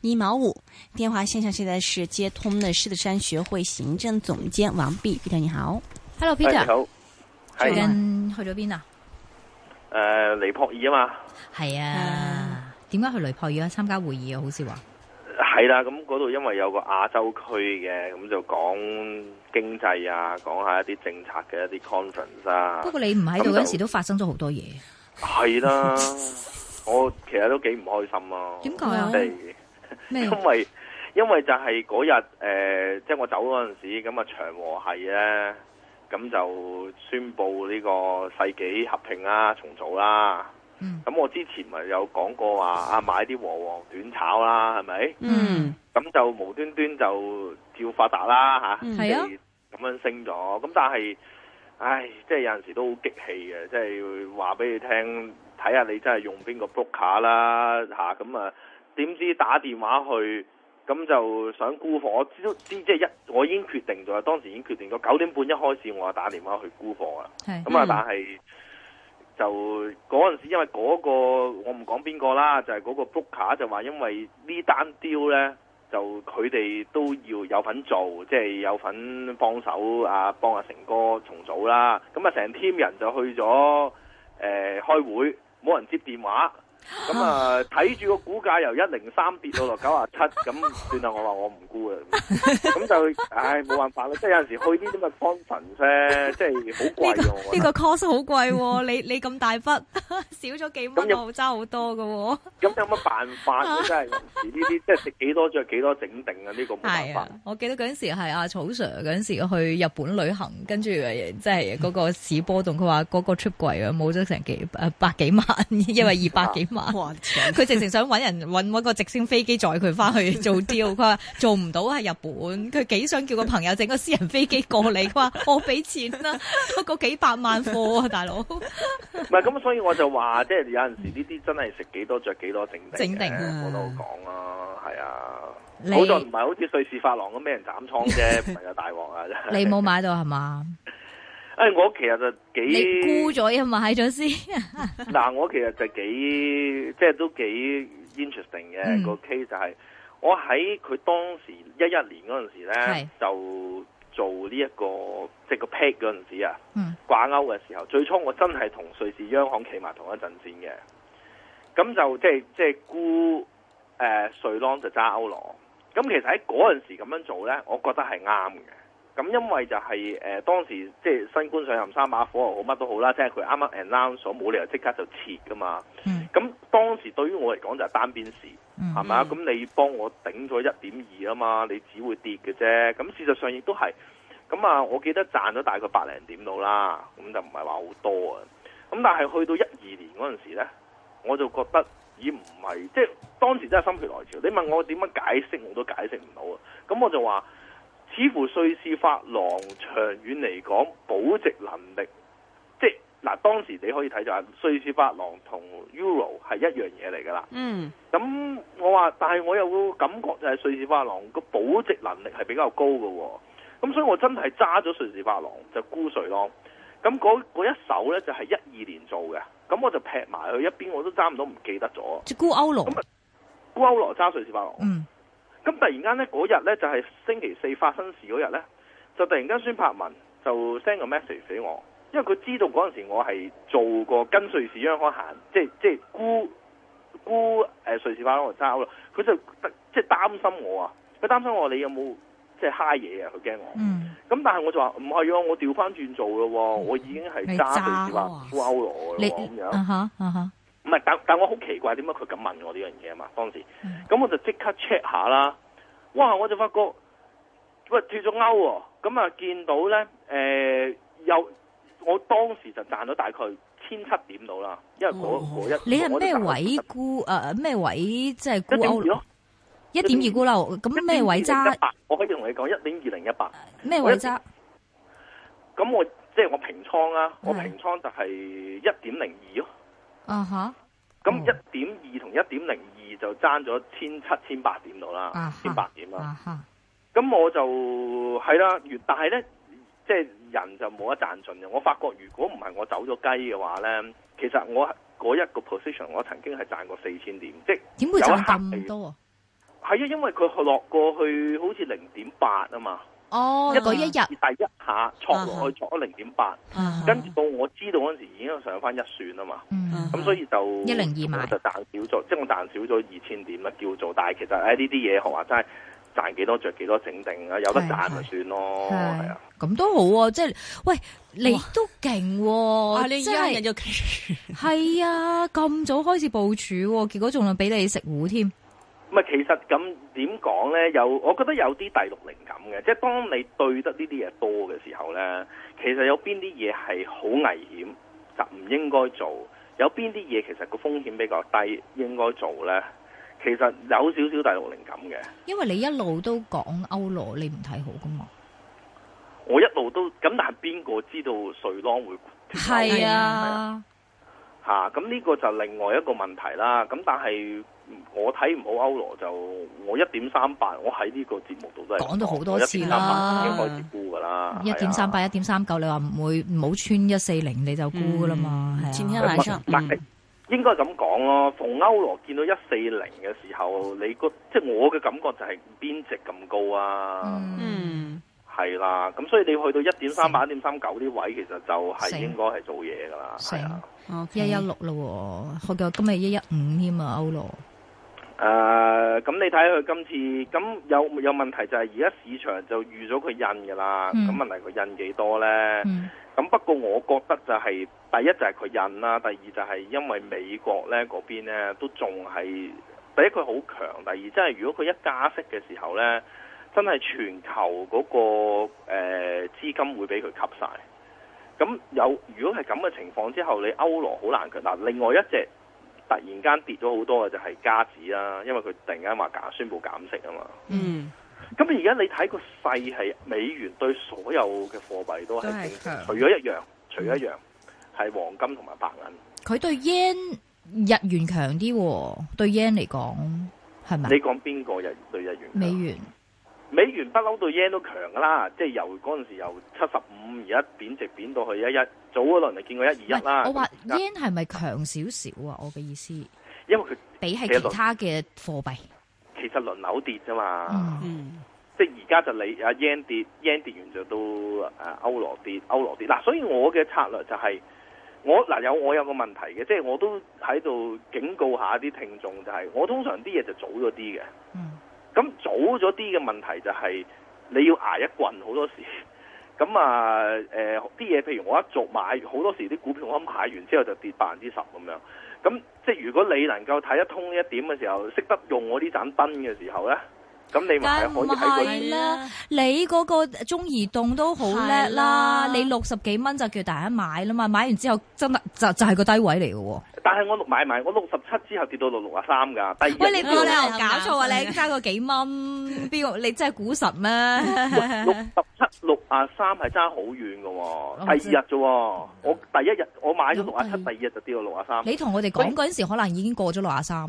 一毛五，電話線上現在是接通的獅子山學會行政總監王弼 Peter，你好，Hello Peter，你好，hello, Peter, Hi, 最近去咗邊，uh, 啊？誒、嗯，尼泊爾啊嘛。係啊，點解去尼泊爾啊？參加會議像說是啊，好似話係啦，咁嗰度因為有個亞洲區嘅，咁就講經濟啊，講下一啲政策嘅一啲 conference 啊。不過你唔喺度嗰時都發生咗好多嘢，係啦、啊， 我其實都幾唔開心啊，點解？哎因為因為就係嗰日誒，即係我走嗰陣時，咁啊長和係呢，咁就宣布呢個世紀合併啊重組啦、啊。咁、嗯、我之前咪有講過話啊買啲和黃短炒啦、啊，係咪？咁、嗯、就無端端就跳發達啦吓，咁、啊嗯、樣升咗。咁但係，唉，即係有陣時都好激氣嘅，即係話俾你聽，睇下你真係用邊個 book 卡啦吓，咁啊。啊。點知打電話去，咁就想沽貨，我知知即係一，我已經決定咗，當時已經決定咗九點半一開始我就打電話去沽貨啊，咁啊但係、嗯、就嗰陣時因為嗰、那個我唔講邊個啦，就係、是、嗰個 broker。就話因為呢單 deal 咧，就佢哋都要有份做，即、就、係、是、有份幫手啊幫阿成哥重組啦，咁啊成 team 人就去咗誒、呃、開會，冇人接電話。咁、嗯、啊，睇住個股價由一零三跌到落九啊七，咁算啦。我話我唔沽、 這個這個哦 哦、啊，咁就唉冇辦法啦。即係有陣時去啲啲咁嘅方神啫，即係好貴。呢個呢個 cost 好貴，你你咁大筆少咗幾蚊，我揸好多噶。咁有乜辦法？真係呢啲即係食幾多着幾多整定啊？呢個冇辦法。我記得嗰陣時係阿草 Sir 嗰陣時去日本旅行，跟住即係嗰個市波動，佢話嗰個出櫃啊，冇咗成幾百幾萬，因為二百幾。嗯 哇！佢直情想揾人揾揾個直升飛機載佢翻去做 deal，佢話做唔到喺日本，佢幾想叫個朋友整個私人飛機過嚟。佢話我俾錢啦，不過幾百萬貨啊，大佬。唔係咁，所以我就話，即係有陣時呢啲真係食幾多着幾多，整定整、啊、定我都講啊，係啊。好在唔係好似瑞士法郎咁，俾人斬倉啫，唔係有大鑊啊。你冇 買到係嘛？ 誒、哎，我其實就幾，你沽咗啊嘛，買咗先。嗱， 我其實就幾，即係都幾 interesting 嘅、嗯那個 case 就係，我喺佢當時一一年嗰陣時咧，就做呢、這、一個即係個 pack 嗰陣時啊，掛鈎嘅時候，最初我真係同瑞士央行企埋同一陣線嘅，咁就即係即係沽誒、呃、瑞郎就揸歐羅，咁其實喺嗰陣時咁樣做咧，我覺得係啱嘅。咁因為就係、是、誒、呃、當時即係新官上任三把火又好乜都好啦，即係佢啱啱 announce 所以冇理由即刻就撤㗎嘛。咁、嗯、當時對於我嚟講就係單邊市，係咪？咁、嗯、你幫我頂咗一點二啊嘛，你只會跌嘅啫。咁事實上亦都係。咁啊，我記得賺咗大概百零點度啦，咁就唔係話好多啊。咁但係去到一二年嗰陣時咧，我就覺得咦唔係即係當時真係心血來潮。你問我點樣解釋，我都解釋唔到啊。咁我就話。似乎瑞士法郎長遠嚟講保值能力，即係嗱，當時你可以睇就係瑞士法郎同 Euro 係一樣嘢嚟㗎啦。嗯。咁我話，但係我有個感覺就係瑞士法郎個保值能力係比較高嘅喎。咁所以我真係揸咗瑞士法郎就沽瑞郎。咁嗰一手咧就係一二年做嘅。咁我就劈埋去一邊，我都揸唔到，唔記得咗。即係沽歐羅。咁啊，沽歐羅揸瑞士法郎。嗯。咁突然間咧，嗰日咧就係、是、星期四發生事嗰日咧，就突然間孫柏文就 send 個 message 俾我，因為佢知道嗰陣時我係做過跟瑞士央行，即係即係沽沽瑞士法郎嚟揸咯，佢就即係擔心我啊，佢擔心我，擔心我你有冇即係蝦嘢啊，佢驚我。嗯。咁但係我就話唔係啊，我調翻轉做嘅喎、嗯，我已經係揸瑞士法郎揸咗㗎喎咁樣。Uh-huh, uh-huh. 唔係，但但我好奇怪，點解佢咁問我呢樣嘢啊？嘛，當時，咁、嗯、我就即刻 check 下啦。哇！我就發覺，喂，脫咗勾喎。咁啊、哦，見到咧，誒、呃、又我當時就賺到大概千七點到啦。因為嗰、那個哦、一，你係咩位沽？誒咩、呃、位？即係沽歐？一點二沽樓。一點二沽樓。咁咩位揸？一百。我可以同你講，一點二零一百。咩位揸？咁我即係我平倉啊，我平倉就係一點零二咯。嗯哼，咁一點二同一點零二就爭咗千七千八點到啦，千八點啦。咁我就係啦，但係咧，即係人就冇得賺盡嘅。我發覺如果唔係我走咗雞嘅話咧，其實我嗰一個 position 我曾經係賺過四千點，即係點會賺咁多？係啊，因為佢落過去好似零點八啊嘛。哦、oh，一嗰一日跌，啊，一下，挫落去挫咗零點八，跟住到我知道嗰陣時已經上翻一算啊嘛，咁、嗯、所以就一零二萬，就賺、是、少咗，即係我賺少咗二千點啦，叫做，但係其實誒呢啲嘢學話齋賺幾多着幾多整定啊，有得賺咪算咯，係啊，咁都好啊，即係喂，你都勁喎，即係係啊，咁、啊啊啊、早開始部署、啊，結果仲係俾你食糊添。唔其實咁點講呢？有我覺得有啲第六靈感嘅，即係當你對得呢啲嘢多嘅時候呢，其實有邊啲嘢係好危險，就唔應該做；有邊啲嘢其實個風險比較低，應該做呢？其實有少少第六靈感嘅。因為你一路都講歐羅，你唔睇好噶嘛？我一路都咁，但係邊個知道誰當會？係啊！吓，啊，咁，啊，呢個就另外一個問題啦。咁但係。我睇唔好歐羅就我一點三八，我喺呢個節目度都係講咗好多次啦、啊嗯啊嗯，應該沽噶啦，一點三八一點三九，你話唔會唔好穿一四零，你就沽噶啦嘛，千聽大出，應該咁講咯。逢歐羅見到一四零嘅時候，你個即係我嘅感覺就係邊值咁高啊？嗯，係啦、啊，咁所以你去到一點三八一點三九啲位，其實就係應該係做嘢噶啦，成一一六咯，學到今日一一五添啊，okay. 嗯、我我115，歐羅。咁你睇下佢今次咁有有問題就係而家市場就預咗佢印㗎啦。咁、mm. 問題佢印幾多呢？咁、mm. 不過我覺得就係第一就係佢印啦，第二就係因為美國呢嗰邊呢都仲係第一佢好強，第二真係、即係、如果佢一加息嘅時候呢，真係全球嗰、那個、呃、資資金會俾佢吸晒。咁有如果係咁嘅情況之後你歐羅好難強嗱，另外一隻。突然間跌咗好多嘅就係、是、加紙啦，因為佢突然間話減，宣布減息啊嘛。嗯，咁而家你睇個勢係美元對所有嘅貨幣都係強，除咗一樣，除咗一樣係、嗯、黃金同埋白銀。佢對 yen 日元強啲，對 yen 嚟講係咪？你講邊個日元對日元強？美元。美元不嬲對 yen 都強噶啦，即係由嗰陣時候由七十五而家貶值貶到去 11, 一一早嗰輪就見過一二一啦。我話 yen 係咪強少少啊？我嘅意思，因為佢比係其他嘅貨幣，其實輪流跌啫嘛。嗯，即係而家就你阿 yen 跌 yen 跌完就到啊歐羅跌歐羅跌嗱，所以我嘅策略就係、是、我嗱有我有個問題嘅，即、就、係、是、我都喺度警告一下啲聽眾、就是，就係我通常啲嘢就早咗啲嘅。嗯。咁早咗啲嘅問題就係、是、你要捱一棍好多時，咁啊啲嘢、呃，譬如我一做買，好多時啲股票我一買完之後就跌百分之十咁樣，咁即係如果你能夠睇得通呢一點嘅時候，識得用我呢盞燈嘅時候呢。咁你咪可以買啦，你嗰個中移動都好叻啦，你六十幾蚊就叫大家買啦嘛，買完之後真係就就係個低位嚟嘅。但係我買埋，我六十七之後跌到六六啊三噶。第二日，喂，你邊個你又搞錯啊？你差個幾蚊？邊個你真係股神咩？六十七六啊三係差好遠嘅，第二日啫。我第一日我買咗六啊七，第二日就跌到六啊三。你同我哋講嗰陣時，可能已經過咗六啊三。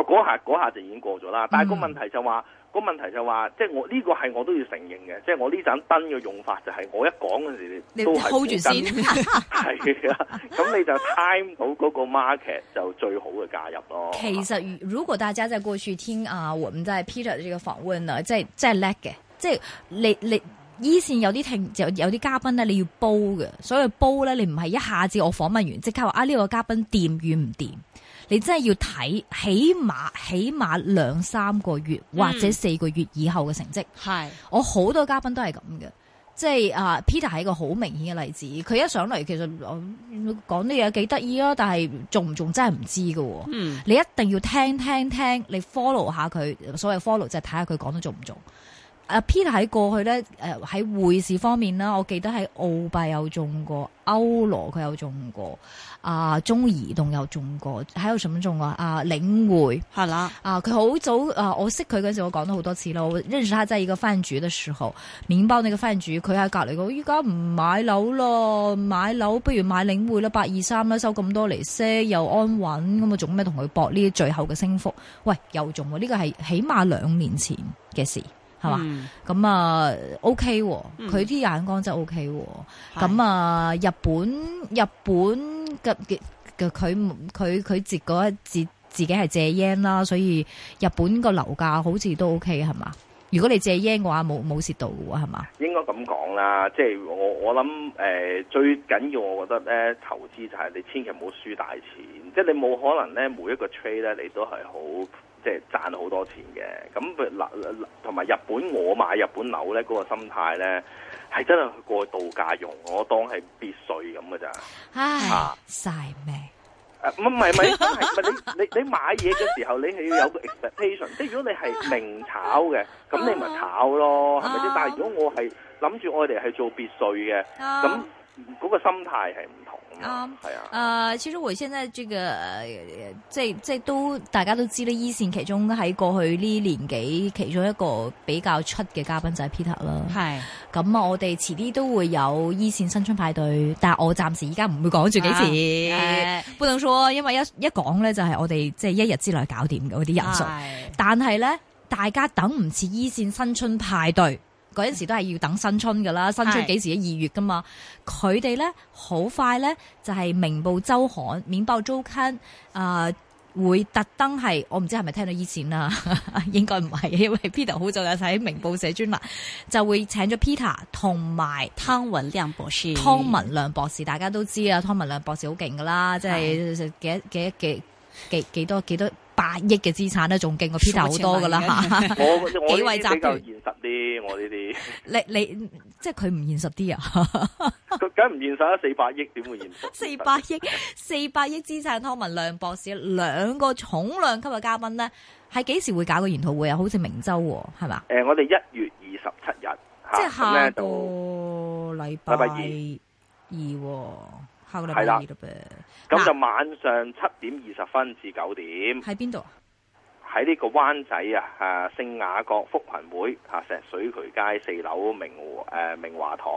嗰下嗰下就已經過咗啦，但係、嗯個問題就話，就是就是這個問題就話，即係我呢個係我都要承認嘅，即、就、係、是、我呢盞燈嘅用法就係我一講嗰陣時，你都 hold 住先哈哈哈哈。係啊，咁你就 time 到嗰個 market 就最好嘅加入咯。其實如果大家係過去聽啊，唔就係 Peter 呢個訪問啊，即係真係叻嘅，即係你你以前有啲聽有有啲嘉賓咧，你要煲嘅，所以煲咧，你唔係一下子我訪問完即刻話啊呢、呢個嘉賓掂與唔掂。行你真係要睇，起碼起碼兩三個月或者四個月以後嘅成績。嗯、我好多嘉賓都係咁嘅，即係啊、uh, Peter 係一個好明顯嘅例子。佢一上嚟其實講啲嘢幾得意啦，但係做唔做真係唔知㗎。嗯，你一定要聽聽聽，你 follow 下佢，所謂 follow 即係睇下佢講得做唔做。啊，Peter 喺過去咧，誒喺匯市方面啦，我記得喺澳幣有中過歐羅，佢有中過啊，中移動有中過，喺有什麼中啊？啊，領匯係啦，啊佢好早啊，我識佢嗰陣時，我講咗好多次啦我認識他真係一個番主嘅時候，面包你個番主，佢喺隔離講：「依家唔買樓咯，買樓不如買領匯啦，八二三啦，收咁多利息又安穩咁啊，做咩同佢搏呢？啲最後嘅升幅，喂，又中喎！呢個係起碼兩年前嘅事。係嘛？咁啊，O K，佢啲眼光真係 O K 喎。咁啊、uh，日本日本嘅嘅佢佢佢折嗰自己係借 yen 啦，所以日本個樓價好似都 O K 係嘛。如果你借 yen 嘅話，冇冇蝕到嘅係嘛？應該咁講啦，即係我我諗誒，最緊要我覺得咧，投資就係你千祈唔好輸大錢，即係你冇可能咧每一個 trade 咧你都係好。即、就、係、是、賺好多錢嘅，咁嗱同埋日本我買日本樓咧，嗰、那個心態咧係真係過去度假用，我當係別墅咁嘅咋？唉，曬、啊、命！唔係唔係，真、啊、係你你你買嘢嘅時候，你係要有個 expectation。即係如果你係明炒嘅，咁你咪炒咯，係咪先？但係如果我係諗住我哋係做別墅嘅，咁。啊啊嗰個心態係唔同，啱、uh, uh, 啊，誒，其實我現在這個、呃、即係即係都大家都知道，一、e、線其中喺過去呢年幾其中一個比較出嘅嘉賓就係 Peter 啦。係咁，我哋遲啲都會有一、e、線新春派對，但我暫時而家唔會講住幾時，不能說，因為一一講咧就係我哋即係一日之內搞掂嗰啲人數，但係咧大家等唔切一線新春派對。嗰陣時都係要等新春噶啦，新春幾時啊？二月噶嘛，佢哋咧好快咧就係明報周刊麵包周刊啊、呃，會特登係我唔知係咪聽到以前啊，應該唔係，因為 Peter 好早就睇明報社專欄，就會請咗 Peter 同埋湯文亮博士，湯文亮博士大家都知啊，湯文亮博士好勁噶啦，即係幾幾幾幾幾多幾多。幾多八億嘅資產咧，仲勁過 Peter 好多噶啦吓！我 幾位集都比較現實啲，我呢啲。 你你即係佢唔現實啲啊？佢梗唔現實啊？四百億點會現實一？四百億，四百億資產，湯文亮博士兩個重量級嘅嘉賓咧，係幾時會搞個研討會像啊？好似明州係嘛？誒、呃，我哋一月二十七日，即係下個禮拜二二。二哦係啦，咁就晚上七點二十分至九點。喺邊度？喺呢個灣仔啊，啊聖雅各福群會、啊、石水渠街四樓明、啊、明華堂。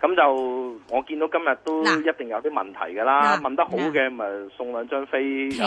咁就我見到今日都一定有啲問題㗎啦、啊。問得好嘅，咪、啊、送兩張飛。其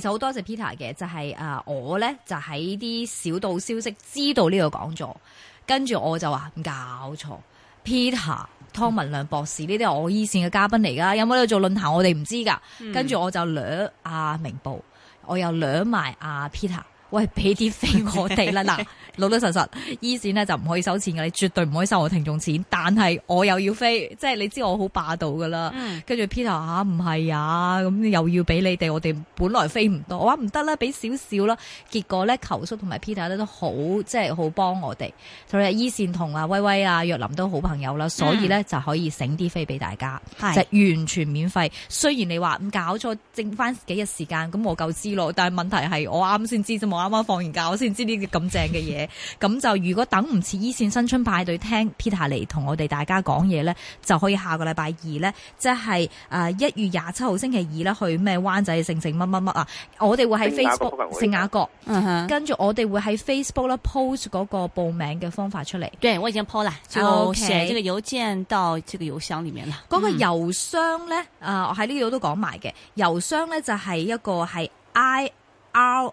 實好多、啊、謝 Peter 嘅，就係、是、啊，我咧就喺啲小道消息知道呢個講座，跟住我就話搞錯。Peter 湯文亮博士呢啲係我一線嘅嘉賓嚟噶，有冇嚟做論壇我哋唔知噶，跟、嗯、住我就掠阿、啊、明報，我又掠埋阿 Peter。喂，俾啲飛我哋啦！嗱，老老實實 E 線呢就唔可以收錢嘅，你絕對唔可以收我聽眾錢。但係我又要飛，即係你知我好霸道噶啦。跟、嗯、住 Peter 啊，唔係啊，咁又要俾你哋。我哋本來飛唔多，我話唔得啦，俾少少啦。結果咧，球叔同埋 Peter 呢都好，即係好幫我哋。所以 E 線同啊威威啊若林都好朋友啦，所以咧、嗯、就可以醒啲飛俾大家，就是、完全免費。雖然你話咁、嗯、搞錯，剩翻幾日時間，咁我夠知咯。但係問題係我啱先知啫嘛。啱啱放完假，我先知呢啲咁正嘅嘢。咁 就如果等唔切伊線新春派對聽 Peter 嚟同我哋大家講嘢咧，就可以下個禮拜二咧，即係誒一月廿七號星期二咧、就是、去咩灣仔盛盛乜乜乜啊？我哋會喺 Facebook 聖雅閣，嗯、跟住我哋會喺 Facebook 咧 post 嗰個報名嘅方法出嚟。對，我已經 post 啦，就寫呢個郵件到呢個郵箱裏面啦。嗰、okay, 個郵箱咧，我喺呢度都講埋嘅。郵箱咧就係一個係 i r。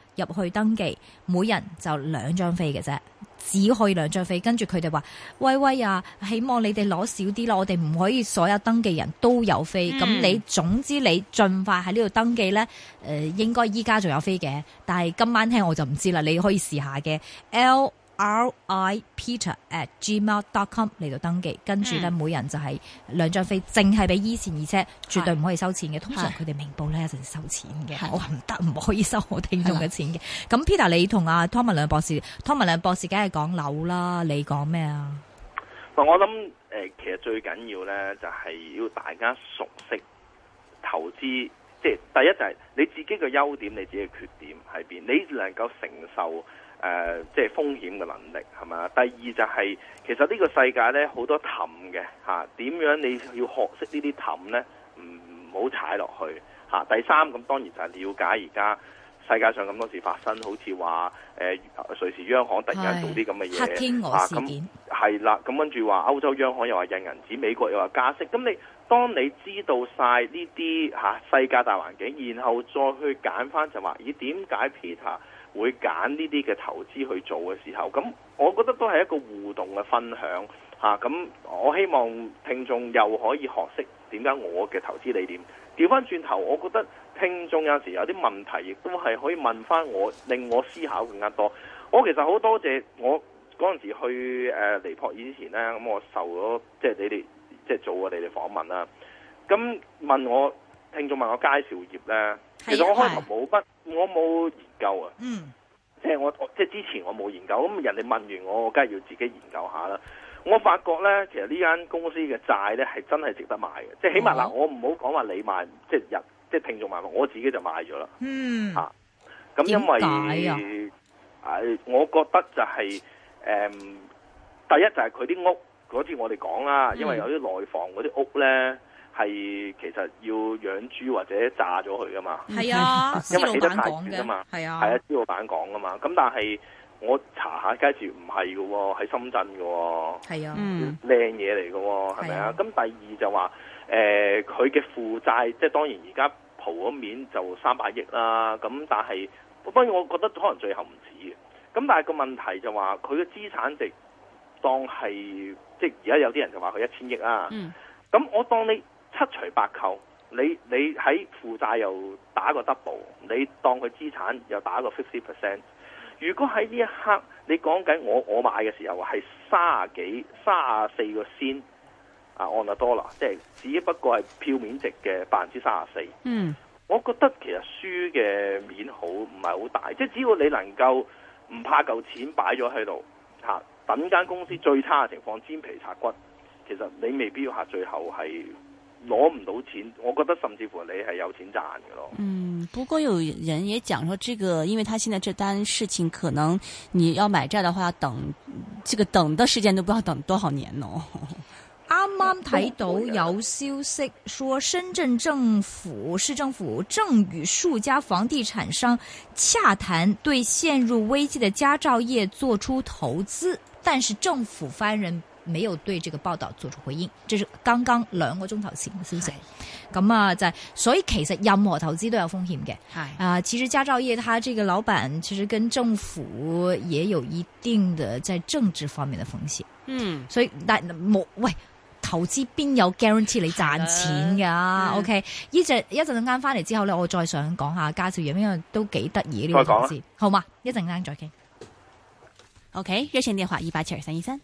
入去登記，每人就兩張飛嘅啫，只可以兩張飛，跟住佢哋話，威威啊，希望你哋攞少啲咯，我哋唔可以所有登記人都有飛，咁、嗯、你總之你盡快喺呢度登記咧。誒、呃、應該依家仲有飛嘅，但係今晚聽我就唔知啦。你可以試下嘅 L。R.I.Peter at Gmail dot com 嚟到登記，跟住咧每人就係兩張飛，淨係俾一線而且絕對唔可以收錢嘅。通常佢哋明報咧一陣收錢嘅，我唔得，唔可以收我聽眾嘅錢嘅。咁 Peter，你同阿湯文亮博士，t 湯文亮博士梗係講樓啦，你講咩啊？嗱，我諗誒、呃，其實最緊要咧就係、是、要大家熟悉投資，即係第一就係你自己嘅優點，你自己嘅缺點喺邊，你能夠承受。誒、呃，即、就、係、是、風險嘅能力係嘛？第二就係、是、其實呢個世界咧好多氹嘅嚇，點、啊、樣你要學識呢啲氹咧？唔好踩落去嚇、啊。第三咁當然就係了解而家世界上咁多事發生，好似話誒瑞士央行突然間做啲咁嘅嘢，咁黑天鵝事件係啦，咁跟住話歐洲央行又話印銀紙，美國又話加息。咁你當你知道晒呢啲嚇世界大環境，然後再去揀翻就話咦點解 Peter？會揀呢啲嘅投資去做嘅時候，咁我覺得都係一個互動嘅分享吓，咁、啊、我希望聽眾又可以學識點解我嘅投資理念。調翻轉頭，我覺得聽眾有陣時有啲問題，亦都係可以問翻我，令我思考更加多。我其實好多謝我嗰陣時去誒尼泊爾之前呢，咁我受咗即係你哋即係做我哋嘅訪問啦。咁問我聽眾問我介紹業呢。其實我開頭冇乜，我冇研究啊。嗯，即係我，即係之前我冇研究，咁人哋問完我，我梗係要自己研究下啦。我發覺咧，其實呢間公司嘅債咧係真係值得買嘅，即係起碼嗱、哦，我唔好講話你買，即係人，即係聽眾買，我自己就買咗啦。嗯，吓、啊，咁因為，為，啊，我覺得就係，誒、嗯，第一就係佢啲屋，嗰次我哋講啦，因為有啲內房嗰啲屋咧。係其實要養豬或者炸咗佢噶嘛？係啊，因為起得太短啊嘛。係啊，係啊，朱老闆講噶嘛。咁但係我查一下佳兆業唔係嘅，佳兆業唔係噶喎，喺深圳噶喎，係啊，靚嘢嚟噶喎，係咪啊？咁第二就話、是，誒、呃，佢嘅負債即係當然而家蒲咗面就三百億啦。咁但係，當然我覺得可能最後唔止嘅。咁但係個問題就話、是，佢嘅資產值當係即係而家有啲人就話佢一千億啦。咁、嗯、我當你。七除八扣，你你喺負債又打個 double，你當佢資產又打個 fifty percent。如果喺呢一刻你講緊我我買嘅時候係三十三十啊，係三啊幾三啊四個先啊按納多啦，即係只不過係票面值嘅百分之三十四。嗯，我覺得其實輸嘅面好唔係好大，即係只要你能夠唔怕嚿錢擺咗喺度嚇，等間公司最差嘅情況煎皮擦骨，其實你未必要下最後係。攞唔到錢，我覺得甚至乎你係有錢賺嘅咯。嗯，不過有人也講說這個因為他現在這單事情，可能你要買債的話，等這個等的時間都不知道等多少年咯。啱啱睇到有消息，說深圳政府、市政府正與數家房地產商洽談，對陷入危機的佳兆業做出投資，但是政府翻人。沒有對這個報道做出回應，這，就是剛剛兩個鐘頭前嘅消息。咁啊，就係所以其實任何投資都有風險嘅。係啊、呃，其實佳兆業，他這個老闆其實跟政府也有一定的在政治方面的風險。嗯，所以但冇喂投資，邊有 guarantee 你賺錢噶，啊啊？OK，呢隻一陣間翻嚟之後呢，我再想講下佳兆業，因為都幾得意呢個投資，好嘛？一陣間再傾。OK，熱線電話二八七二三二三。